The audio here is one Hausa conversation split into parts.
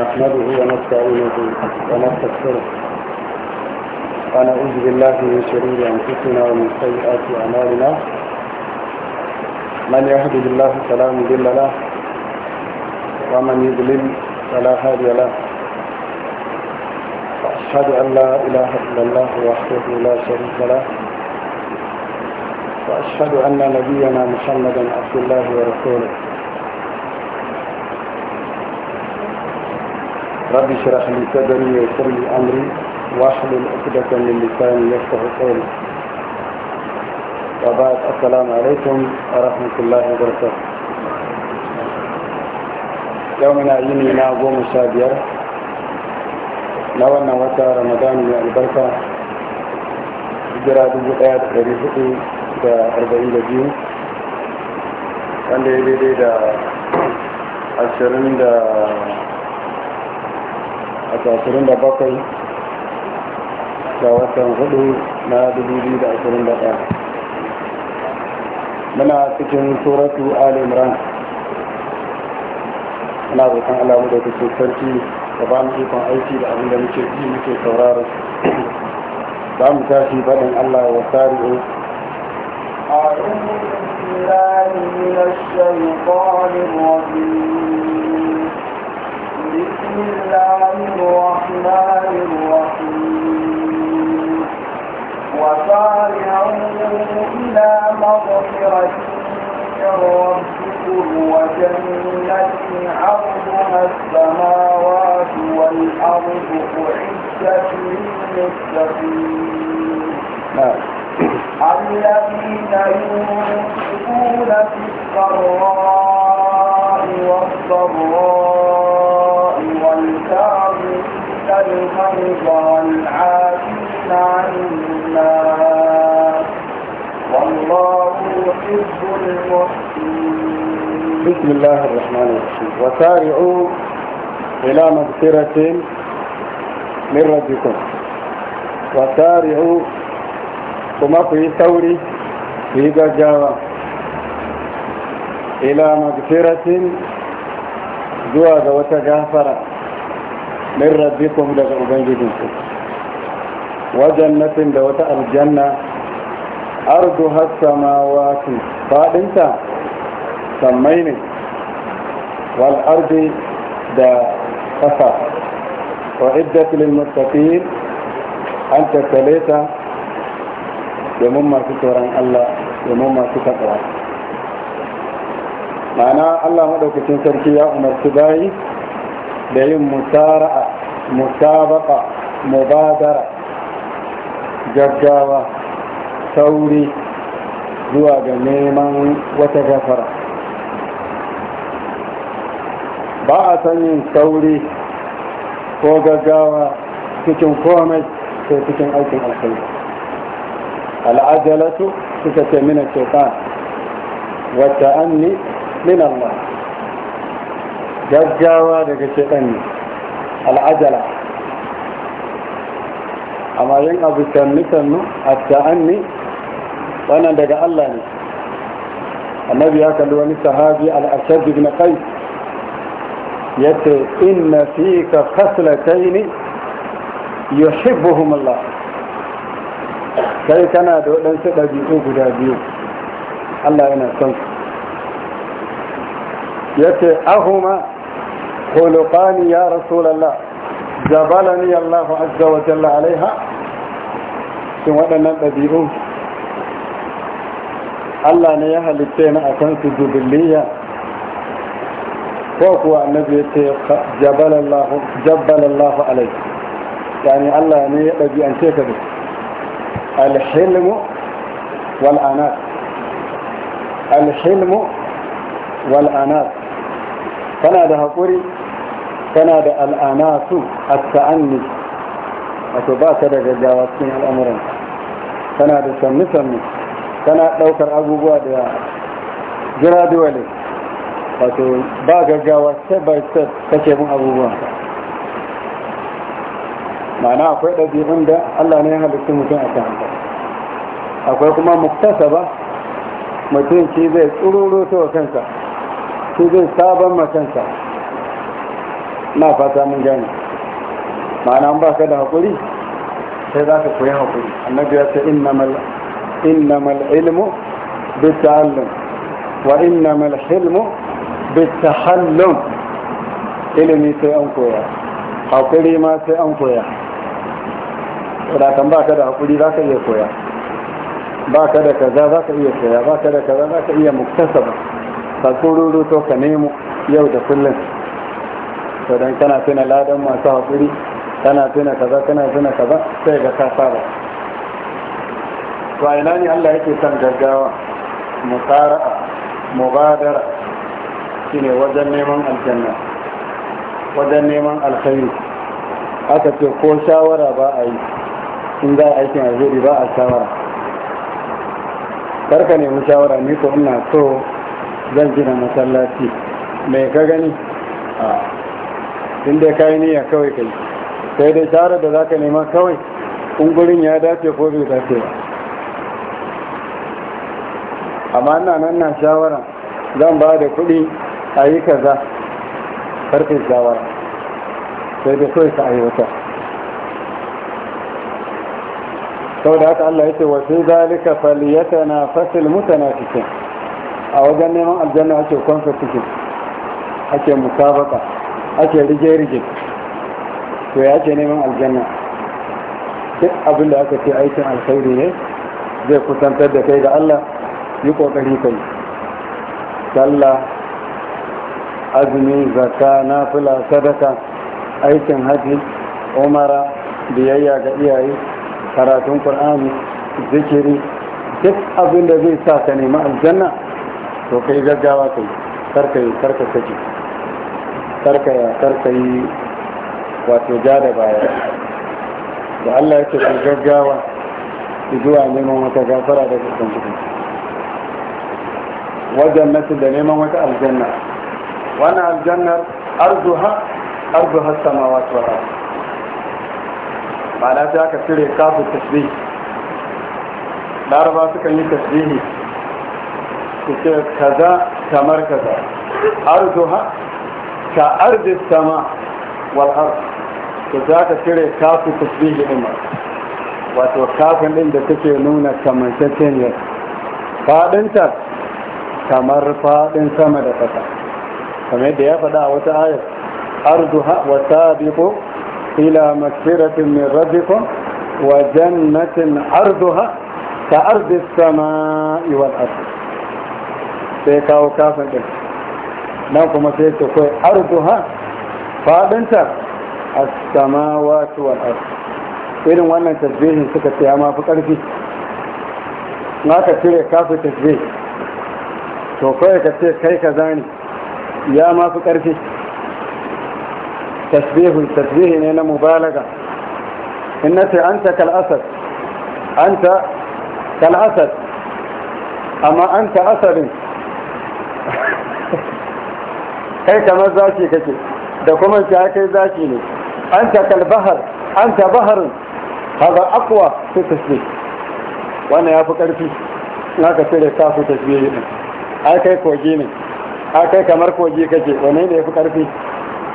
نحمده ونستعينه ونستغفره ونعوذ بالله من شرور انفسنا ومن سيئات اعمالنا من يهد الله فلا مضل له ومن يضلل فلا هادي له واشهد ان لا اله الا الله وحده لا شريك له واشهد ان نبينا محمدا عبد الله ورسوله رب اشرح لي صدري ويسر لي امري واحلل عقدة من لساني يفقه قولي وبعد السلام عليكم ورحمة الله وبركاته يومنا يني نا قوم شابير لو أن وتا رمضان يا البركة جراد الآيات الرفقي دا أربعين دجيو كان دي دي دا عشرين دا a bakwai ga watan hudu na ɗaya. muna cikin suratu ali imran muna zaton alamu da kusur sarki da ba mu ikon aiki da abin da muke ji muke sauraron. za mu tashi faɗin allah wa sari'u أعوذ بالله من الشيطان الرجيم الله الرحمن الرحيم وسارعوا إلى مغفرة من وجنة عرضها السماوات والأرض أعدت للمتقين الذين ينفقون في السراء والضراء عن والله يحب المحسنين بسم الله الرحمن الرحيم وسارعوا إلى مغفرة من ربكم وسارعوا ثم في ثوري في جاوة إلى مغفرة جواد وتجافرة من ربكم دا أبنجدنك وجنة دا وتاء الجنة أرضها السماوات بعد انت سميني والأرض دا قفا وعدة للمتقين أنت سليتا يمما في توران الله يمما في تقران معنى الله مدوك تنسر كي يا عمر سباي بيوم مسارعه musabaka mubadara gaggawa sauri zuwa ga neman wata gafara ba a sanyin sauri ko gaggawa cikin komai ko cikin aikin alkhairi al'ajalatu suka ce mina shaitan wata anni min Allah gaggawa daga shaitan ne al'ajala amma yin abu sannu-sannu a ta'anni wannan daga Allah ne annabi ya kalli wani sahabi na kai. Ya yace inna fika khaslatayn yuhibbuhum Allah kai kana da waɗansu ɗabi'u guda biyu Allah yana son su yace ahuma خلقان يا رسول الله جبلني الله عز وجل عليها Sun waɗannan ɗabi'u Allah ne ya halitta na akan su jubiliya ko kuwa annabi ya ce jabbalallahu alai yani Allah ne ya ɗabi'ance ka da alhilmu wal'anat alhilmu wal'anat kana da haƙuri kana da al'ana su a ta'anni wato ba ka da gaggawa cikin al'amuran kana da sannu-sannu kana ɗaukar abubuwa da gradually wato ba gaggawa step by step kake bin abubuwa ma'ana akwai ɗabi'un da allah ne ya halittu mutum a kan akwai kuma muktasa ba mutum shi zai tsururu ta wa kansa shi zai sabon ma kansa na fata mun gani ma'ana ba ka da haƙuri sai za ka koyi haƙuri annabi ya ce innamal ilmu bitta'allum wa innamal hilmu bittahallum ilimi sai an koya haƙuri ma sai an koya kan ba ka da haƙuri za ka iya koya ba ka da kaza za ka iya koya ba ka da kaza za ka iya muktasaba ka tsororo to ka nemo yau da kullum to dan kana tuna ladan masu haƙuri kana tuna kaza kana tuna kaza sai ga ka saba to ina ne Allah yake son gaggawa musara'a mubadara shine wajen neman aljanna wajen neman alkhairi aka ce ko shawara ba a yi in za a aikin alheri ba a shawara karka nemi shawara ni ko ina so zan gina masallaci mai ka gani a ah. in dai kayi niyya kawai kai sai dai tare da ka nema kawai kungurin ya dace ko bai dace ba amma ina nan na shawara zan ba da kuɗi a yi kaza karfe shawara sai dai kawai ka aiwata sau da haka Allah ya ce wasu zalika faliyata na fasil mutana cikin a wajen neman aljanna ake kwanfa cikin ake musabaka ake rige-rige to ya ce neman aljanna duk abin da aka ce aikin alkhairi ne zai kusantar da kai ga Allah yi kokari kai sallah azumi zakka nafila sadaka aikin haji umara biyayya ga iyaye karatun qur'ani zikiri duk abin da zai sa ka neman aljanna to kai gaggawa kai karka karka saki karka ya karka yi wato ja da baya da Allah ya ce ku gaggawa ku zuwa neman wata gafara daga kan cikin wajen nasu da neman wata aljanna wannan aljannar ha ha sama wato tuwa ma'ana ta aka cire kafin tasbih laraba sukan yi tasbihi su ce kaza kamar kaza ha. ka arzi sama wal ard to za ka cire kafu tasbihi ɗin wato kafin ɗin da take nuna kamantaccen ne fadinta kamar faɗin sama da ƙasa kamar yadda ya faɗa a wata ayar arduha wa sabiqu ila magfiratin min rabbikum wa jannatin arduha ka ardi sama wal ard sai kawo kafin ɗin. nan kuma sai ta kai arduha fadinta as-samawati wal ard irin wannan tasbihin suka ce ya mafi karfi na ka cire kafin tasbih to kai ka ce kai ka zani ya mafi karfi tasbihun tasbihi ne na mubalaga in na ce an ta kal'asar an ta kal'asar amma an ta asarin kai kamar zaci kake da kuma ya kai zaci ne anta kalbahar anta baharun haza akwa fi tasbih wannan ya fi ƙarfi na ka cire kafu tasbih ne ai kai kogi ne ai kai kamar kogi kake wane ne ya fi ƙarfi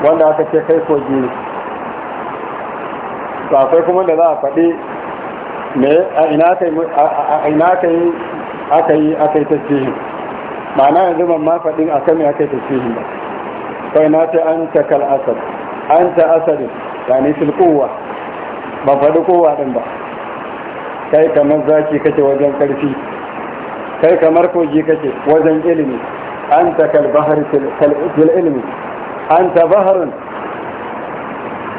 wanda aka ce kai kogi ne to akwai kuma da za a faɗi me a ina aka yi aka yi aka yi tasbihin ma'ana yanzu ban ma faɗin akan me aka yi tasbihin ba kai na ce an ta kal asad an ta asad yani fil quwwa ban faɗi kowa din ba kai kamar zaki kake wajen ƙarfi kai kamar kogi kake wajen ilimi an ta kalbahar fil ilimi an ta baharin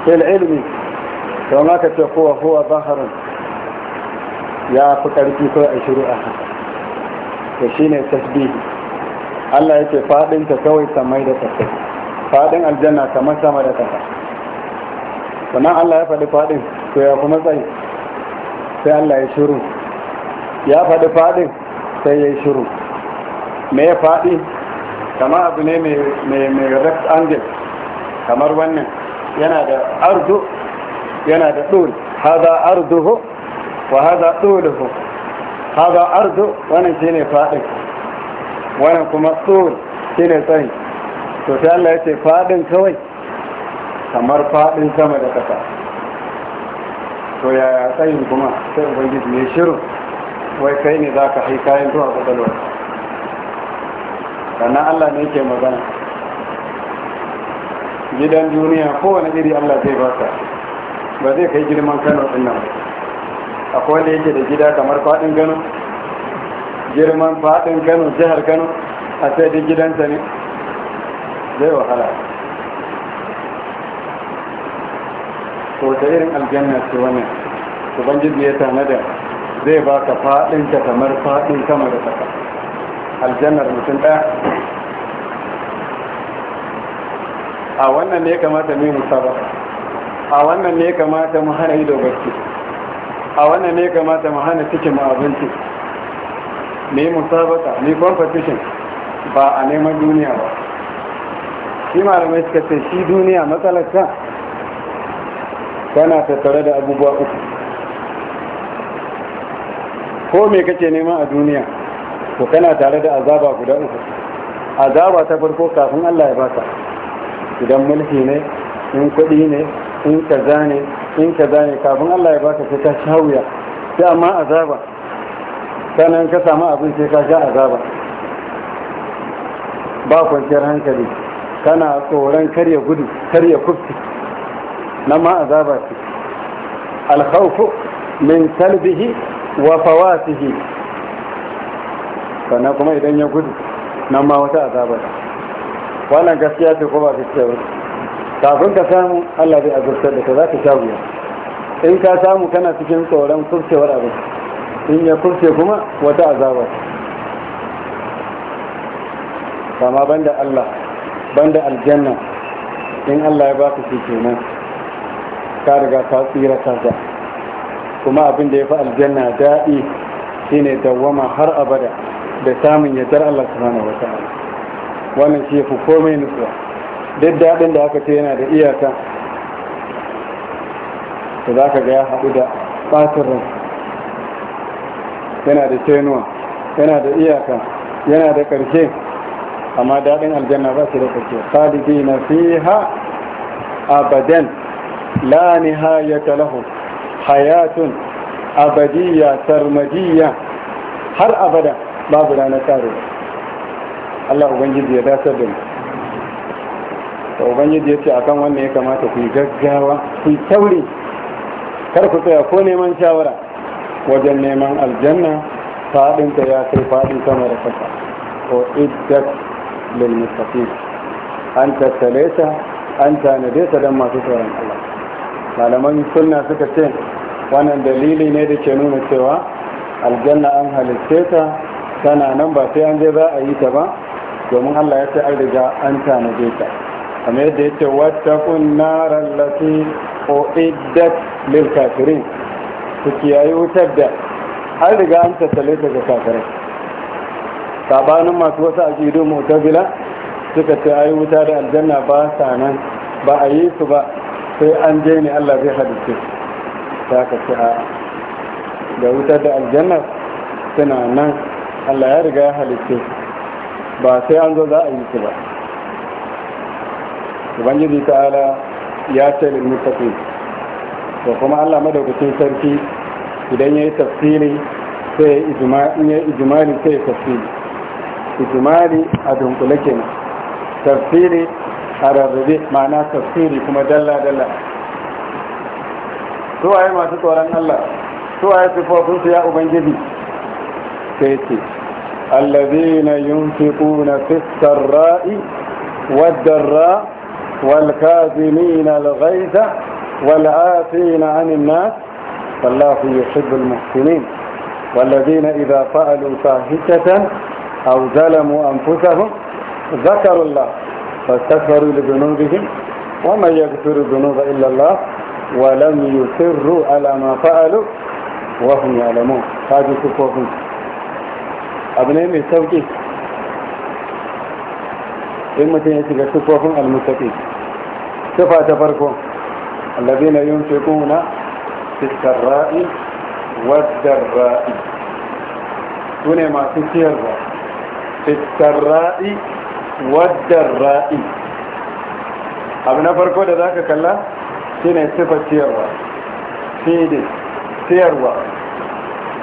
fil ilimi don haka ce kowa kowa baharin ya fi ƙarfi ko a shiru a haka to shi ne tasbihi Allah yake faɗinta kawai samai da tasbihi fadin aljanna kamar sama da kasa sannan Allah ya faɗi fadin to ya kuma tsaye sai Allah ya shiru ya faɗi fadin sai ya shiru me ya faɗi kama abu ne mai angel kamar wannan yana da ardu yana da ɗul haza arduhu wa haza ɗuluhu haza ardu wannan shine faɗin wannan kuma shi shine tsaye to sai Allah ya ce fadin kawai kamar fadin sama da kasa to yaya tsayin kuma sai ubangiji ne shiru wai kai ne za ka haikayen zuwa kwakwalwar sannan Allah ne ke magana gidan duniya kowane iri Allah zai baka ba zai kai girman kano din nan akwai da yake da gida kamar fadin gano girman fadin gano jihar kano a sai da gidansa ne zai wahala ko ta irin aljanna ce wannan ubangiji ya nada, zai baka fadin ta kamar fadin sama da kasa aljannar mutum ɗaya a wannan ne kamata mai musaba a wannan ne kamata mu hana ido barci a wannan ne kamata mu hana cikin mu abinci ne musabaka mai competition ba a neman duniya ba shi malamai suka ce shi duniya matsalarta tana tattare da abubuwa uku ko me kake nema a duniya to kana tare da azaba guda uku azaba ta farko kafin Allah ya baka idan mulki ne in kuɗi ne in kaza ne in kaza ne kafin Allah ya baka sai ka sha wuya sai amma azaba sannan ka samu abin sai ka sha azaba ba kwanciyar hankali kana tsoron karya gudu karya kufti na ma azaba ce alkhawfu min talbihi wa fawatihi sannan kuma idan ya gudu nan ma wata azaba ce wannan gaskiya ce ko ba ce ba kafin ka samu Allah zai azurtar da ka za ka sha wuya in ka samu kana cikin tsoron kurcewar abin in ya kurce kuma wata azaba ce kama banda Allah banda aljanna in Allah ya baka shi kenan ka riga ka tsira da kuma abin da ya fi aljanna daɗi shine dawama har abada da samun yardar Allah subhanahu wa ta'ala wannan shi fi komai nutsuwa duk daɗin da aka ce yana da iyaka da za ka ga ya haɗu da ɓacin yana da tenuwa yana da iyaka yana da ƙarshe amma daɗin aljanna ba su da kake khalidina fiha abadan la nihayata lahu hayatun abadiyya sarmadiyya har abada babu ranar tare Allah ubangiji ya dasar da mu ubangiji ya ce akan wannan ya kamata ku yi gaggawa ku yi kar ku tsaya ko neman shawara wajen neman aljanna faɗinta ya kai faɗin sama da kasa ko iddat للمتقين an tattale ta an tanade ta don masu tsoron Allah malaman sunna suka ce wannan dalili ne da ke nuna cewa aljanna an halitte ta tana nan ba sai an je za a yi ta ba domin Allah ya ce an riga an tanade ta kamar yadda ya ce wattaqun naral lati uiddat lil kafirin ku kiyaye wutar da an riga an tattale ta ga sabanin masu wasu aqidu mu'tazila suka ce yi wuta da aljanna ba sa nan ba a yi su ba sai an je ne Allah zai hadisi ta ka ce a da wutar da aljanna suna nan Allah ya riga ya halice ba sai an zo za a yi su ba ubangiji ta'ala ya ce da mutafi to kuma Allah madaukakin sarki idan ya yi tafsiri sai ya ijimali sai ya tafsiri ijimali a dunkule kenan tafsiri a rarrabe ma'ana tafsiri kuma dalla-dalla suwaye masu tsoron Allah suwaye su ya ubangiji sai ce allazina yunfiquna fi sarra'i wad-darra wal kazimina al-ghaiza wal 'afina 'anil nas wallahu yuhibbul muhsinin والذين إذا فعلوا فاحشة أو ظلموا أنفسهم ذكروا الله فاستغفروا لذنوبهم ومن يغفر الذنوب إلا الله ولم يصروا على ما فعلوا وهم يعلمون هذه صفوفهم أبنائي من التوكيد in mutum ya shiga sufofin almustaƙi sufa ta farko allazi na yin shekuna fiskarra'i wadda ra'i su ne masu ciyarwa fitarra'i waddarra'i abu na farko da za ka kalla shi ne sifar ciyarwa fidin ciyarwa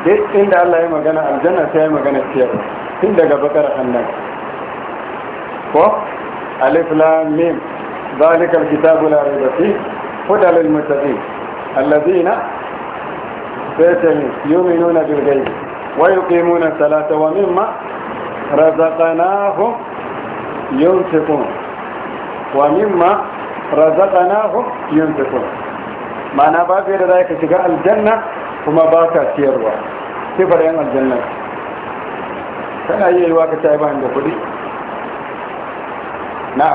duk inda Allah ya magana aljanna sai ya magana ciyarwa tun daga bakar annan ko alif lam mim zalikal kitabu la raiba fi hudal lil muttaqin alladhina sayatami yu'minuna bil ghaibi wa yuqimuna as-salata wa mimma razaqanahum yunfiqun wa mimma razaqanahum yunfiqun mana ba ka da zaka shiga aljanna kuma ba ka siyarwa sifar yan aljanna kana yi wa ka tayi ban da kudi na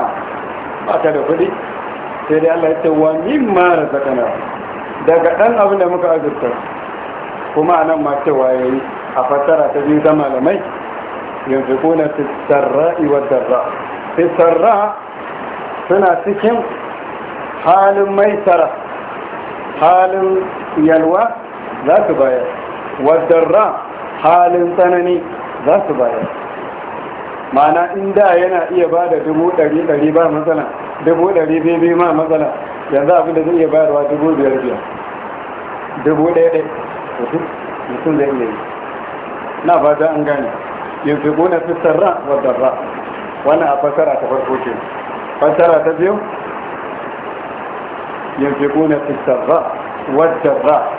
ba ta da kudi sai dai Allah ya ce wa mimma razaqanahum daga dan abin da muka azurta kuma anan ma cewa yayi a fassara ta biyu ta malamai ينفقون في السراء والضراء في السراء suna cikin halin maisara halin yalwa za su bayar wadarra halin tsanani za su bayar mana inda yana iya ba da dubu ɗari ɗari ba matsala dubu ɗari bibi ma matsala yanzu abin da zai iya bayarwa dubu biyar biyar dubu ɗaya ɗaya mutum zai iya yi na za an gane ينفقون في السراء والدراء وانا افسر اتفرقوتي فسر اتفهم ينفقون في السراء والدراء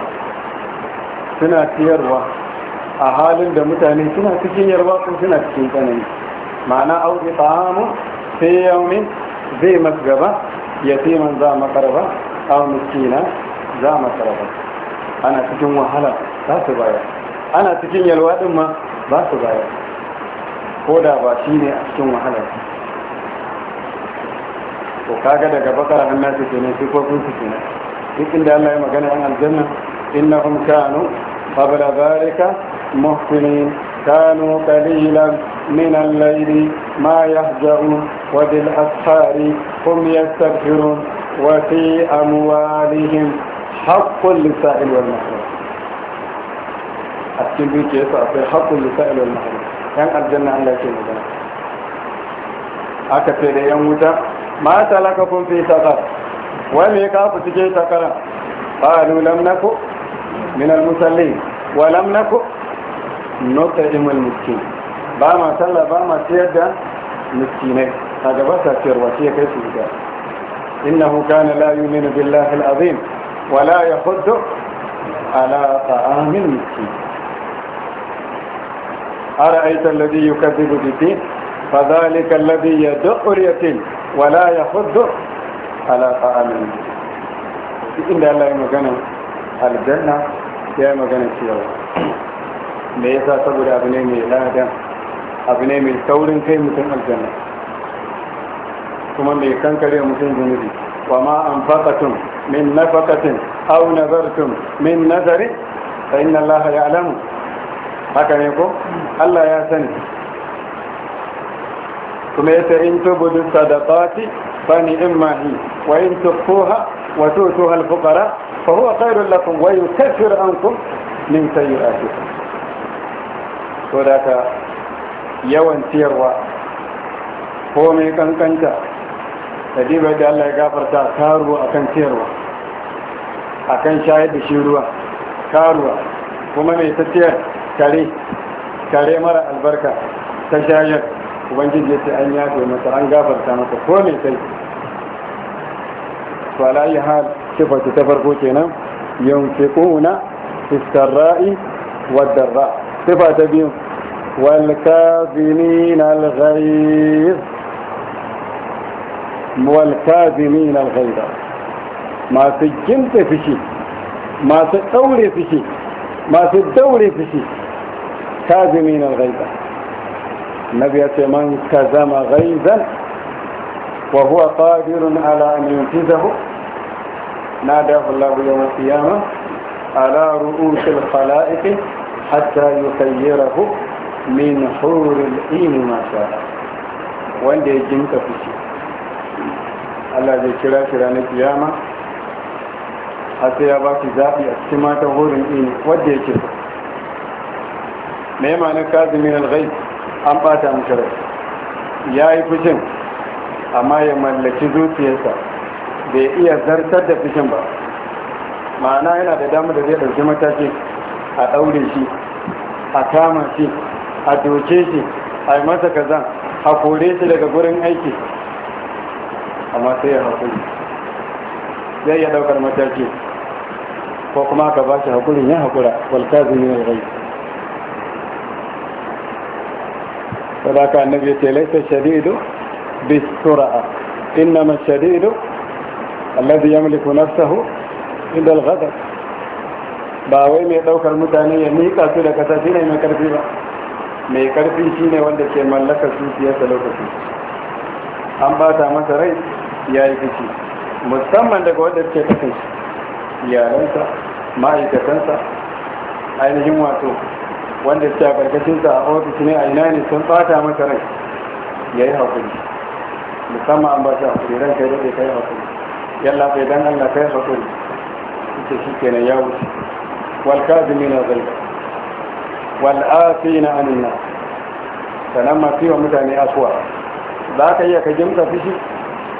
سنة يروى أحال دمتاني سنة تكين يروى سنة تكين تاني معنى أو إطعام في يوم ذي مسجبة يتيما ذا مقربة أو مسكينة ذا مقربة أنا تكين وحالا لا تبايا أنا تكين يلوى أمه لا تبايا koda ba shi ne a cikin wahalar ko kaga daga bakara annabi ke ne nan ko kun ke ne duk inda Allah ya magana an aljanna innahum kanu qabla zalika muhsinin kanu qalilan min al-layl ma كانوا قليلا من الليل ما يهجعون وبالأسحار هم يستغفرون وفي أموالهم حق للسائل والمحروم التنبيه haqqul lisa'il wal mahrum yan aljanna Allah ke magana aka ce da yan wuta ma talaka kun fi sakar wai me ka ku cike sakara qalu lam naku min al wa lam naku nut'imu al miskin ba ma sallah ba ma ciyar da miskinai kaga ba sa ciyarwa ya kai su gida innahu kana la yu'minu billahi al azim wa la yahuddu ala ta'amil miskin أرأيت الذي يكذب بالدين فذلك الذي يدع اليتيم ولا يحض على طعام المسكين إن الله يمكن الجنة يا مكان الشيوخ me yasa saboda abu ne mai ladan abu ne mai saurin kai mutum aljanna kuma mai kankare mutum zunubi wa ma an faƙatun min nafakatin au nazartun min nazari fa inna allaha haka ne ko Allah ya sani kuma yasa in tubudu sadaqati fa ni imma hi wa in tukhuha wa tutuha al-fuqara fa huwa khairul lakum wa yukaffiru ankum min sayyi'atikum to da ka yawan ciyarwa ko mai kankanta da diba da Allah ya gafarta karuwa akan ciyarwa akan shayar da shi ruwa karuwa kuma mai ta ciyar kare kare mara albarka ta shayar ubangiji ya ce an yafe mata an gafarta mata ko ne kai to alayi hal sifatu ta farko kenan yunfiquna fiskarra'i wadarra sifa ta biyu wal kazimin al ghayz wal kazimin al ghayz masu jimta fishi masu daure fishi masu daure fishi kazimin al-ghaiza nabi ya man kazama ghaizan wa huwa qadirun ala an yuntizahu nadahu Allah yawm al-qiyamah ala ru'us al-khalaiq hatta yusayyirahu min hurul in ma sha'a wanda ya jinka fushi Allah zai kira shi ranar kiyama har sai zaɓi a cikin me ma'anar kazimin alghai an bata mishi rai ya yi fushin amma ya mallaki zuciyarsa bai iya zartar da fushin ba ma'ana yana da damar da zai ɗauki mataki a ɗaure shi a kama shi a doke shi a yi masa kazan a kore shi daga gurin aiki amma sai ya haƙuri zai iya ɗaukar mataki ko kuma ka ba shi haƙurin ya haƙura walƙazin ya rai saboda annabi ya ce laisa shadidu bisura'a innama shadidu alladhi yamliku nafsahu inda al ba wai mai ɗaukar mutane ya mika su da kasa shine mai karfi ba mai karfi shine wanda ke mallaka da lokaci an bata masa rai ya yi fushi. musamman daga wanda ke kasan shi ma'aikatansa ainihin wato wanda suke karkashin sa a ofis ne a ina ne sun fata masa rai ya yi haƙuri musamman an ba shi haƙuri ran kai daɗe kai haƙuri yalla bai dan allah kai haƙuri ita shi kenan ya wuce wal kazimi na zalba wal afi na anina sannan masu yi mutane asuwa. za ka iya ka jimta shi?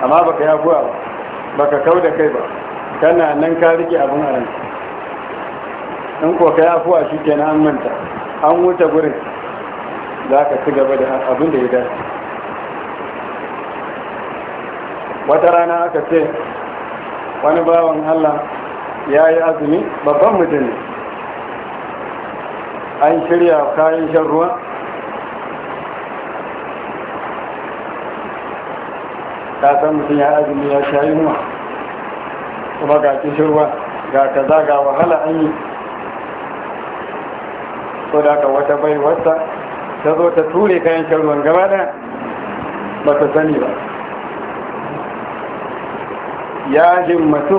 amma baka ya afuwa ba baka kau da kai ba kana nan ka rike abin a in ko ka yi shi kenan an manta an wuce gurin za ka ci gaba da abin da ya dace wata rana aka ce wani bawan allah ya yi azumi babban mutum ne an shirya kayan shan ruwa ta san mutum ya azumi ya sha yunwa kuma ga kishin ruwa ga kaza ga wahala an yi ko da ka wata bai wata ta zo ta ture kayan sharuwan gaba da ba ta sani ba ya mutu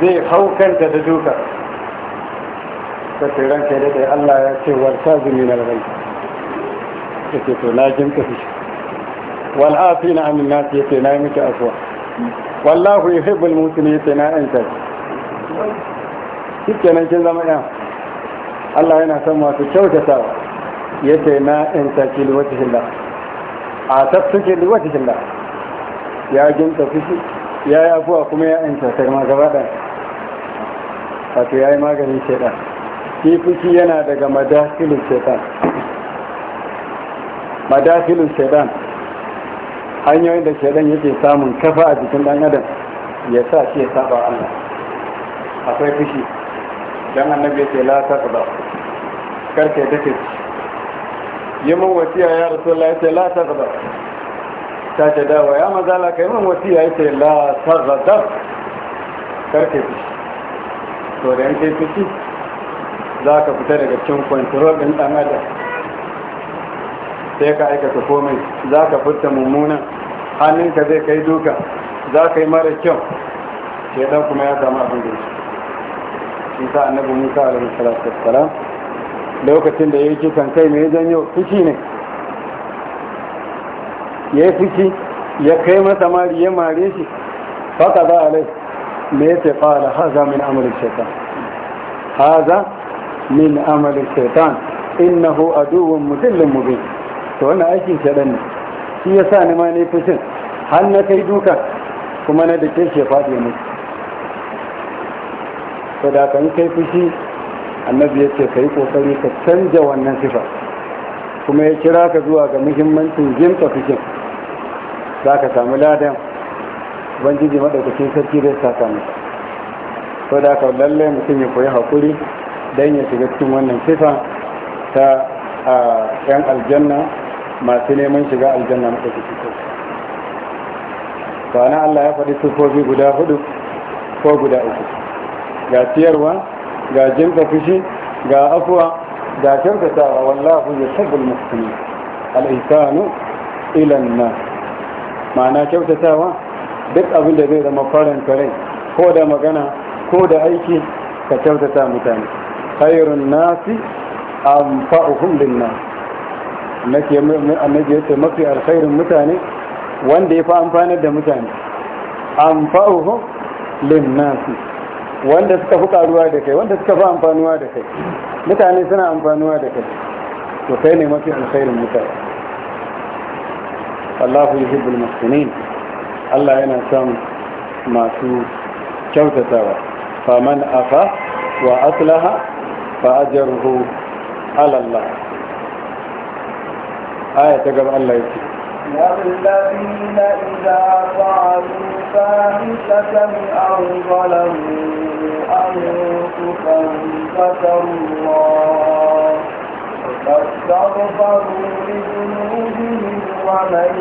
zai haukanta da duka ta tsiran kai daidai allah ya ce warta zumi na rai ta ce to na jin kafi wal'afi na amin nasi ya ce na yi miki asuwa wallahu yuhibbul mutum ya ce na yan shi kenan kin zama yan Allah yana son masu kyautatawa yace na in taki wata hillah a tafsike wata hillah ya ginta fushi ya yi abuwa kuma ya in tatar ma gaba da wato ya yi maganin shaitan shi fushi yana daga madafilin shaitan madafilin shaitan hanyoyin da shaitan yake samun kafa a jikin dan adam ya sa shi ya saba Allah akwai fushi dan annabi ce la taqda karka ta ke yi min wasiya ya rasulullahi ce la taqda ta ce dawa ya maza la kai min wasiya ya ce la taqda karka ci to da yanke fici za ka fita daga cikin kwantarol ɗin ɗan adam sai ka aikata komai za ka fita mummunan hannunka zai kai duka za ka yi mara kyau shaidan kuma ya samu abin da ta annabi musa alaihi salatu wassalam lokacin da ya yi kisan kai mai janyo fushi ne ya yi fushi ya kai masa mari ya mare shi faka za a lai me ya ce fara haza min amalin shaitan haza min amalin shaitan innahu aduwwun mudillin mubin to wannan aikin shaitan ne shi yasa ni ma ne fushin har na kai duka kuma na da ke shi faɗi mutu to da kan kai fushi annabi ya ce ka yi kokari ka canja wannan sifa kuma ya kira ka zuwa ga muhimmancin jimta fushin za ka samu ladan ubangiji maɗaukacin sarki zai saka masa to da ka lalle mutum ya koyi haƙuri don ya shiga cikin wannan sifa ta a yan aljanna masu neman shiga aljanna maɗaukacin sarki ba na allah ya faɗi sufofi guda hudu ko guda uku ga ciyarwa ga jinka fushi ga afuwa ga kyautatawa wallahu ya sabbin musulmi al'isanu ilan na ma'ana kyautatawa duk abin da zai zama farin kare ko da magana ko da aiki ka kyautata mutane khairun nasi anfa'uhum na. annabi annabi yace mafi alkhairin mutane wanda ya fi amfanar da mutane anfa'uhum linnas wanda suka fi karuwa da kai wanda suka fi amfanuwa da kai mutane suna amfanuwa da kai to kai ne mafi alkhairin mutane Allahu Allah yana son masu kyautatawa faman afa wa aslaha fa aya ta gaba Allah والذين إذا فعلوا فاحشة أو ظلموا أنفسهم ذكروا الله فاستغفروا لذنوبهم ومن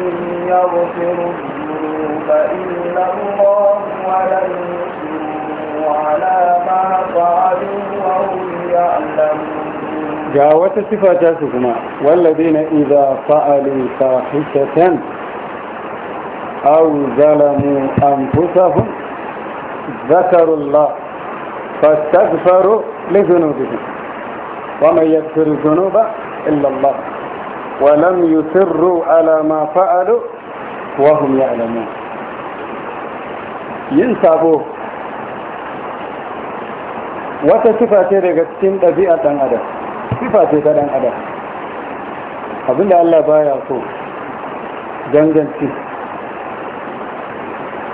يغفر الذنوب إلا الله ولن يصروا على ما فعلوا وهم يعلمون جاوت wata sifa والذين إذا فعلوا فاحشة أو ظلموا أنفسهم ذكروا الله فاستغفروا لذنوبهم ومن يغفر الذنوب إلا الله ولم يسروا على ما فعلوا وهم يعلمون ينسابوا وتصفات رجل سند بيئة أدب sifa ce ta dan adam abinda Allah baya so ganganci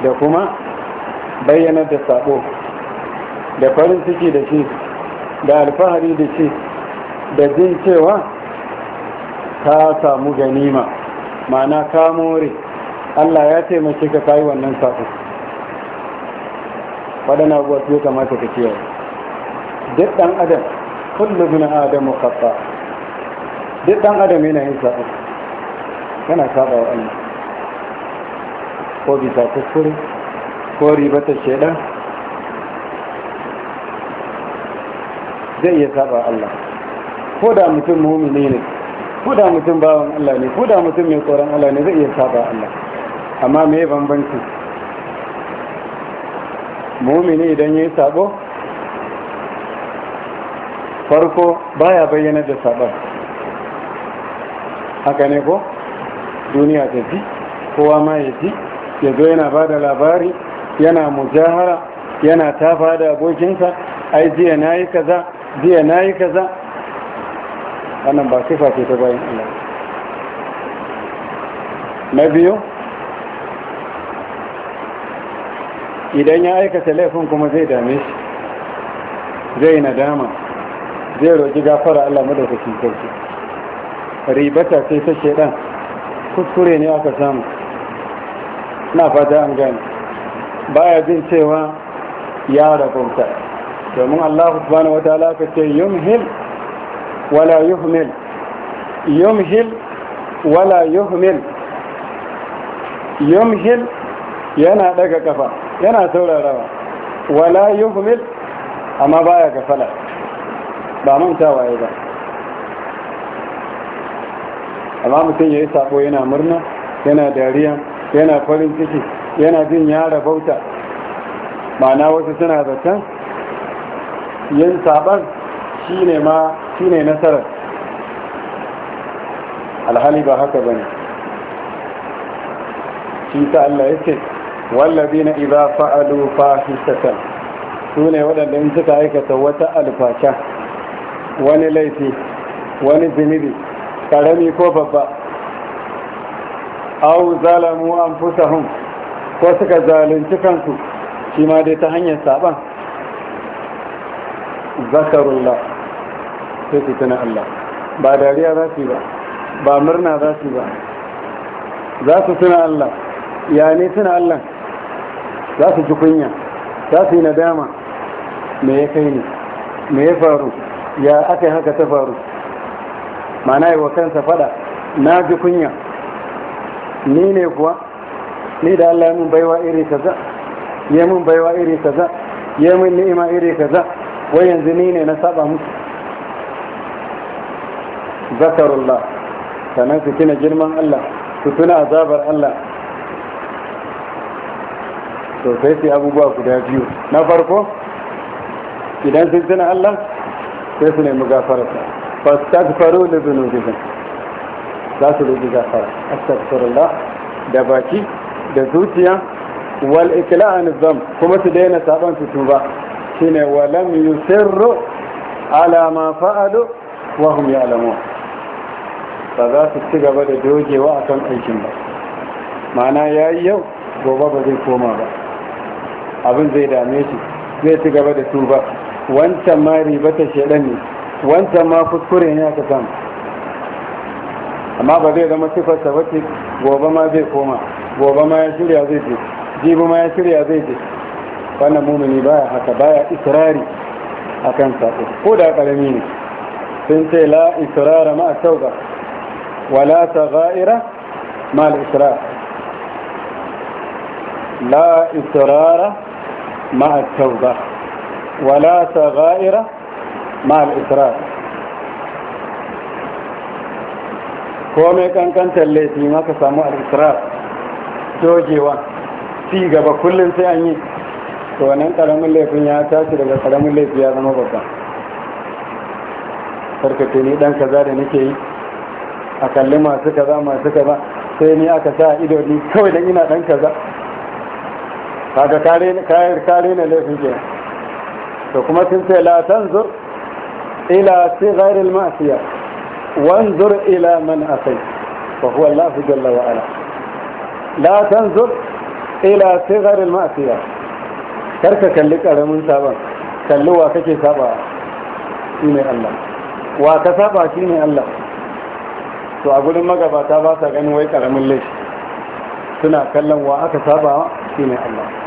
da kuma bayyanar da sabo da farin ciki da shi da alfahari da shi da jin cewa ka samu ganima ma'ana ka more Allah ya taimake ka kayi wannan sabo waɗannan abuwa su kamata ka kiyaye duk ɗan adam kullu na adamu kafa duk dan adam yana yin sabo yana saba wa Allah ko bisa kuskure ko ta sheda zai iya saba Allah ko da mutum mumini ne ko da mutum bawan Allah ne ko da mutum mai tsoron Allah ne zai iya saba Allah amma me bambanci mumini idan ya yi sabo farko baya bayyana da saɓar haka ne ko duniya ta ji kowa ma ya ji ya zo yana ba da labari yana mujahara yana tafa da abokinsa ai jiya na yi kaza jiya na yi kaza wannan ba sifa ce ta bayan Allah na biyu idan ya aikata laifin kuma zai dame shi zai nadama zai roƙi gafara Allah madaukakin sarki ribata sai ta shedan kuskure ne aka samu na fata an gani baya jin cewa ya rabauta domin Allah subhanahu wa ta'ala ka ce yumhil wala yuhmil yumhil wala yuhmil yumhil yana daga kafa yana saurarawa wala yuhmil amma baya kafala ba manta waye ba amma mutum ya yi sabo yana murna yana dariya yana farin ciki yana jin ya rabauta ma'ana wasu suna zaton yin saban shine ma shine nasarar alhali ba haka bane shi ta Allah yake wallazina idza fa'alu su sune waɗanda in suka aikata wata alfasha wani laifi wani zunubi karami ko babba au zalamu anfusahum ko suka zalunci kansu shi ma dai ta hanyar saban zakarullah sai su tuna Allah ba dariya za su yi ba ba murna za su yi ba za su tuna Allah ya ne tuna Allah za su ji kunya za su yi nadama me ya kai ne me ya faru ya aka yi haka ta faru mana yi wa kansa fada na ji kunya ni ne kuwa ni da Allah ya mun baiwa iri kaza ya mun baiwa iri kaza ya mun ni'ima iri kaza wai yanzu ni ne na saba musu zakarullah sannan su tuna girman Allah su tuna azabar Allah to sai su abubuwa guda biyu na farko idan sun tuna Allah sai su nemi gafararsa fastaghfiru li za su roki gafara astaghfirullah da baki da zuciya wal a nizam kuma su daina saban su tuba ne walam yusirru ala Alama fa'alu wa hum ya'lamun ba za su ci gaba da dogewa akan aikin ba ma'ana yayi yau gobe ba zai koma ba abin zai dame shi zai ci gaba da tuba wancan ma ribata shaidan ne wancan ma kuskure ne aka samu amma ba zai zama sifar sabati gobe ma zai koma gobe ma ya shirya zai je jibi ma ya shirya zai je wannan mumini baya haka baya a kan sako ko da karami ne sun ce la israra ma tauba wala taghaira ma al israr la israra ma tauba ولا صغائر مع الإسراف kome kankantar laifi maka samu al'israr dogewa ci gaba kullum sai an yi to laifin ya tashi daga karamin laifi ya zama babba sarkace ni kaza da nake yi a kalli masu kaza masu kaza sai ni aka sa ido ni kawai dan ina dan kaza kare na laifin kenan to kuma sun ce la tanzur ila sigar al-ma'siya wanzur ila man asai fa huwa Allah jalla wa ala la tanzur ila sigar al-ma'siya karka kalli karamin saban kalli wa kake saba shine Allah wa ka saba shine Allah to a gurin magabata ba sa ganin wai karamin laifi suna kallon wa aka saba shine Allah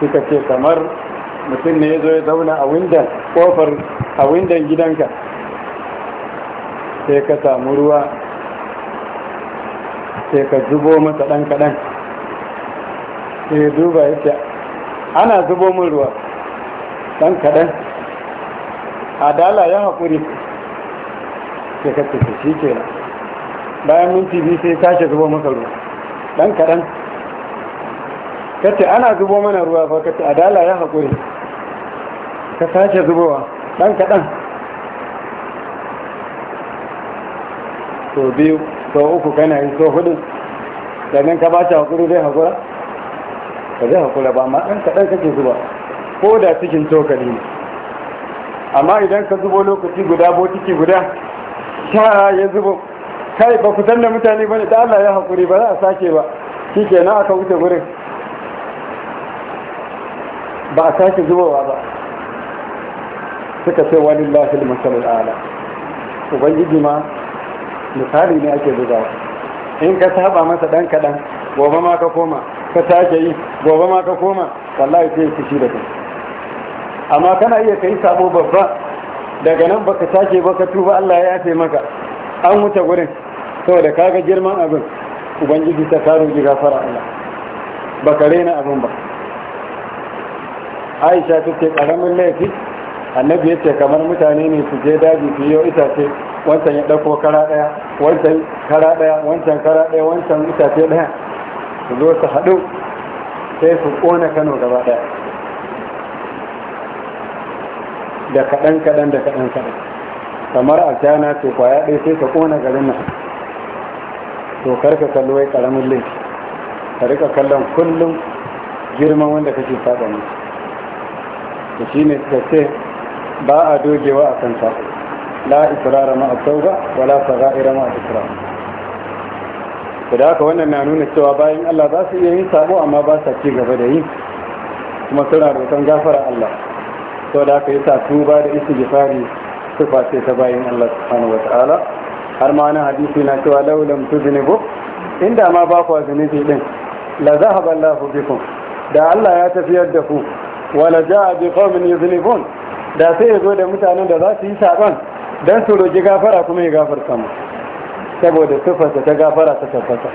suka ce kamar mutum ne ya zo ya zauna a windan kofar a windan gidanka sai ka samu ruwa sai ka zubo masa ɗan kaɗan sai duba ya ce ana zubo min ruwa ɗan kaɗan adala ya haƙuri sai ka ce shi ke bayan minti biyu sai sake zubo masa ruwa ɗan kaɗan kace ana zubo mana ruwa fa kace adala ya haƙuri ka sace zubowa ɗan kaɗan so biyu so uku kana yi so hudu sannan ka ba ta haƙuri zai haƙura ba zai haƙura ba amma ɗan kaɗan kake zuba ko da cikin tokali ne amma idan ka zubo lokaci guda ciki guda ta ya zubo kai ba ku san da mutane ba ne da Allah ya haƙuri ba za a sake ba shi kenan aka wuce gurin ba a sake zubowa ba suka sai wani lafil masalul ala ubangiji ma misali ne ake zubawa, in ka saba masa dan kaɗan gobe ma ka koma ka sake yi gobe ma ka koma wallahi sai su shi da kai amma kana iya kai sabo babba daga nan baka sake ba ka tuba Allah ya yafe maka an wuce gurin saboda kaga girman abin ubangiji ta karo ji gafara Allah baka rena abin ba aisha ta ce karamin laifi annabi ya ce kamar mutane ne su je daji su yi itace wancan ya ɗauko kara ɗaya wancan kara ɗaya wancan kara ɗaya wancan itace ɗaya su zo su haɗu sai su ƙona kano gaba ɗaya da kaɗan kaɗan da kaɗan kaɗan kamar a jana ce kwaya ɗaya sai ka ƙona garin nan to karka kallo wai ƙaramin laifi ka rika kallon kullum girman wanda kake faɗa musu da shi ne da ce ba a dogewa a kan sako la israra ma a tauba wala sara'ira ma a isra da haka wannan na nuna cewa bayan Allah za su iya yin sabo amma ba sa ci gaba da yi kuma suna roƙon gafara Allah to da haka yasa tuba da istighfari sifa ce ta bayan Allah subhanahu wataala har ma na hadisi na cewa law lam inda ma ba ku zunubi din la zahaba Allahu bikum da Allah ya tafiyar da ku wala ja bi qaumin yuzlifun da sai ya zo da mutanen da za su yi saban dan su roki gafara kuma ya gafarta mu saboda sifarsa ta gafara ta tabbata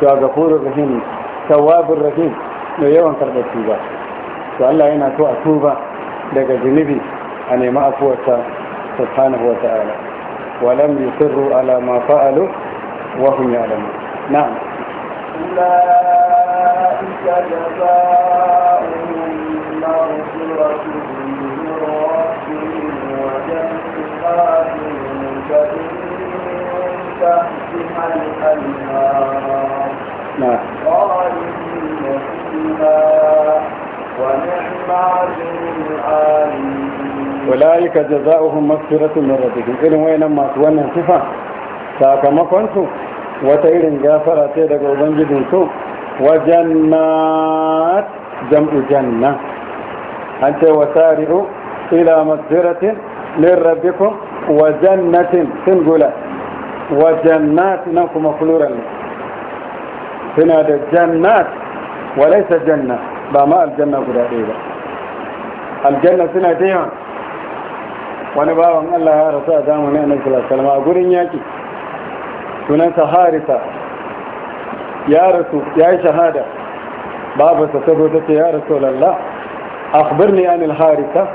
to ga furu rahim tawwabur rahim mai yawan karɓar tuba to Allah yana so a tuba daga zunubi a nemi afuwarsa subhanahu wa ta'ala walam yusirru ala ma fa'alu wa hum ya'lamun na'am ذلك جزاؤهم مغفرة من ربهم وجنات تجري من تحتها الأنهار خالدين فيها ونعم أجر العالمين أولئك جزاؤهم مغفرة من ربهم إن وين ما تولى صفة sakamakonsu wata irin gafara ce daga ubangijinsu وجنات جمع جنة أنت وسارعوا إلى مغفرة من ربكم وجنة سنجلة وجنات نكم مفلورا هنا جنات وليس جنة بما الجنة قد aljanna suna ta yawan wani bawan Allah ya rasu a zamanin annabi sallallahu a gurin yaki sunansa harisa ya rasu ya yi shahada babansa ta ta ce ya rasu lalla akhbar ne harisa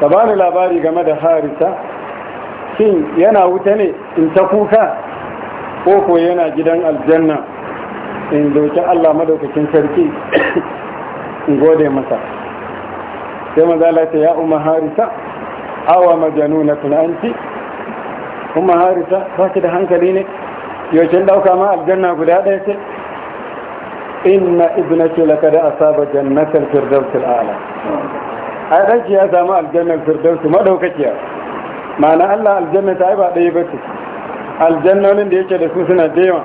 ta ba ni labari game da harisa shin yana wuta ne in ta kuka ko ko yana gidan aljanna in doki allah madaukakin sarki in gode masa sai mazala ta ya umar harisa awa majanu na tunanci umar harisa ba da hankali ne yaushe dauka ma aljanna guda ɗaya ce inna laka da asaba jannatal firdaus al'ala ai dan ya samu aljannar firdaus madaukakiya ma'ana Allah aljanna ta ba ɗaya ba ce aljannonin da yake da su suna da yawa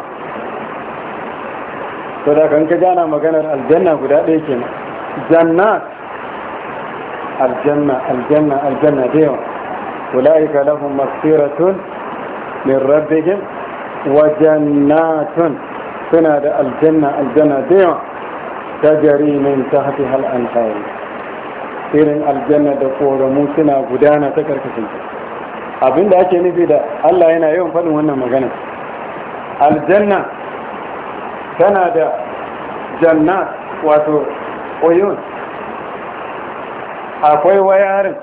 to da kan ka gana maganar aljanna guda ɗaya kenan Janna aljanna aljanna aljanna da yawa ulaika lahum maghfiratun min rabbihim suna da aljanna وجنات سنة الجنة الجنة ديما تجري من تحتها الأنهار irin aljanna da koramu suna gudana ta karkashin abin da ake nufi da Allah yana yawan faɗin wannan magana aljanna tana da jannat wato oyun akwai wayarin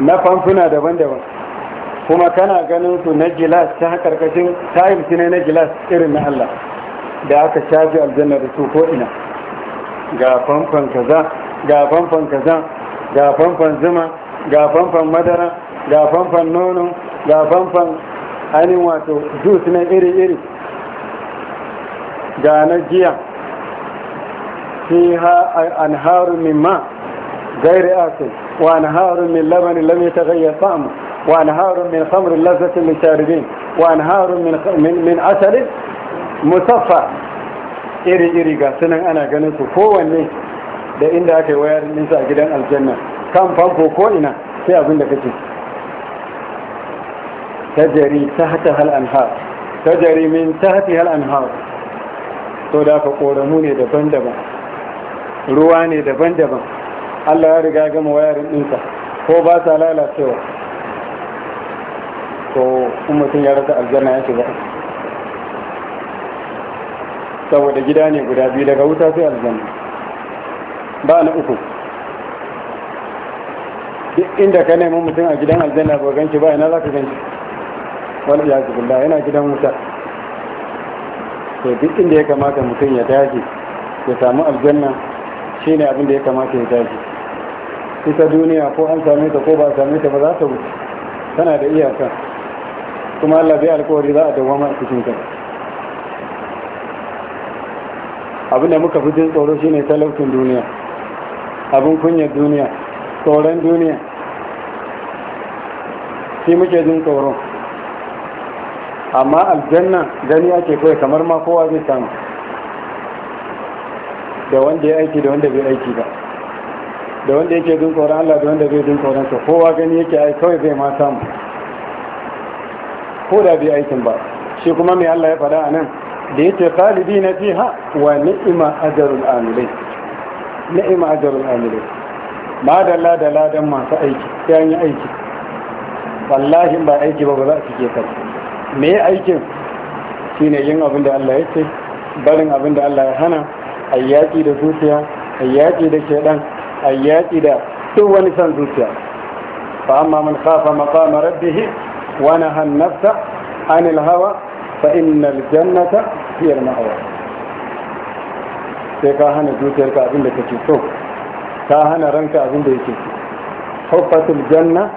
na famfuna daban-daban kuma kana ganin su na gilas ta karkashin tayin ne na gilas irin na Allah da aka shafi aljanna da su ko ina ga famfan kaza ga famfan kaza ga famfan zuma ga famfan madara ga famfan nono ga famfan ainihin wato jus na iri-iri ga na giya an anharu min ma gairi asin wa anharu min labanin lamita gayyar samun وأنهار من خمر لذة للشاربين وأنهار من خ... من من عسل مصفى إري إري سنن أنا جنسو فو ne da inda aka yi wayar nisa a gidan aljanna kan famfo ko ina sai abin da kake tajari ta hata hal anhar tajari min ta hal anhar to da ka koramu ne daban-daban ruwa ne daban-daban Allah ya riga gama wayarin ɗinsa ko ba sa lalacewa to mutum ya rasa aljanna ya shiga saboda gida ne guda biyu daga wuta sai aljanna ba na uku duk inda ka nemi mutum a gidan aljanna ba ganci ba yana za ka shi wani ya zubilla yana gidan wuta to duk inda ya kamata mutum ya tashi ya samu aljanna shi ne abin da ya kamata ya tashi ita duniya ko an same ta ko ba a same ta ba za ta wuce tana da iyaka kuma Allah zai alkawari za a dawama a cikin ka abin da muka fi jin tsoro shine talautin duniya abin kunyar duniya tsoron duniya shi muke jin tsoro amma aljanna gani ake kawai kamar ma kowa zai samu da wanda ya aiki da wanda bai aiki ba da wanda yake jin tsoron Allah da wanda bai jin tsoron sa kowa gani yake ai kawai zai ma samu ko da bi aikin ba shi kuma mai Allah ya faɗa a nan da yake khalidi na fiha wa ni'ima ajrul amilin ni'ima ajrul amilin ma da lada ladan masu aiki sai yi aiki wallahi ba aiki ba ba za a cike ka me aikin shine yin abin da Allah ya ce barin abin da Allah ya hana ayyaki da zuciya ayyaki da shedan ayyaki da duk wani san zuciya fa amma man khafa maqama rabbih ونهى النفس عن الهوى فإن الجنة هي المأوى sai ka hana zuciyarka abin da kake so ka hana ranka abin da yake so hubbatul janna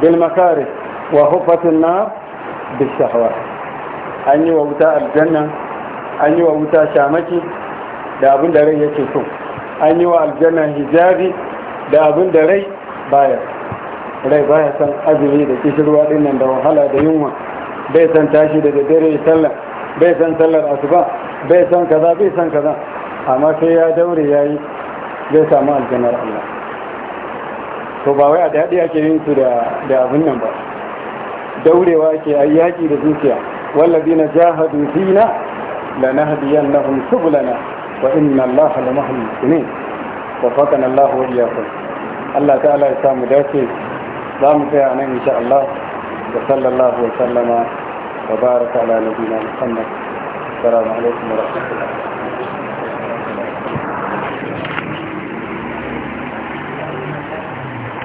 bil makare wa hubbatul na bil shahwa an yi wa wuta aljanna an yi wa wuta shamaki da abin da rai yake so an yi wa aljanna hijabi da abin da rai baya rai baya san azumi da kishirwa nan da wahala da yunwa bai san tashi daga dare sallah bai san sallar asuba bai san kaza bai san kaza amma sai ya daure ya yi zai samu aljanar Allah to ba wai a daɗi ake yin su da abin nan ba daurewa ke a yaƙi da zuciya wallabi na jahadu fina la nahdiyan lahum subulana wa inna Allah la mahal muslimin wa faqana Allah wa iyyakum Allah ta'ala ya samu dace za mu tsaya nan insha Allah da sallallahu wa sallama wa baraka ala nabiyina Muhammad assalamu alaikum wa rahmatullahi